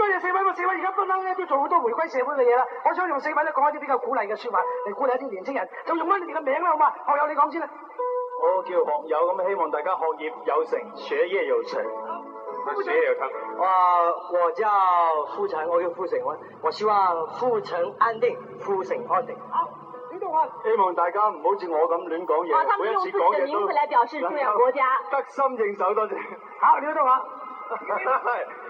多謝四位，我四位而家都咧都做好多回歸社會嘅嘢啦。我想用四位咧講一啲比較鼓勵嘅說話嚟鼓勵一啲年青人，就用翻你哋嘅名啦好嘛？學友你講先啦，我叫學友咁，希望大家學業有成，學業有成，學業有成。哇，我叫夫仔，我叫夫成威，我小阿夫仔 and 富城安定。啊，李東華，希望大家唔好似我咁亂講嘢，每一次講嘢都得心應手。多謝，好，李東華。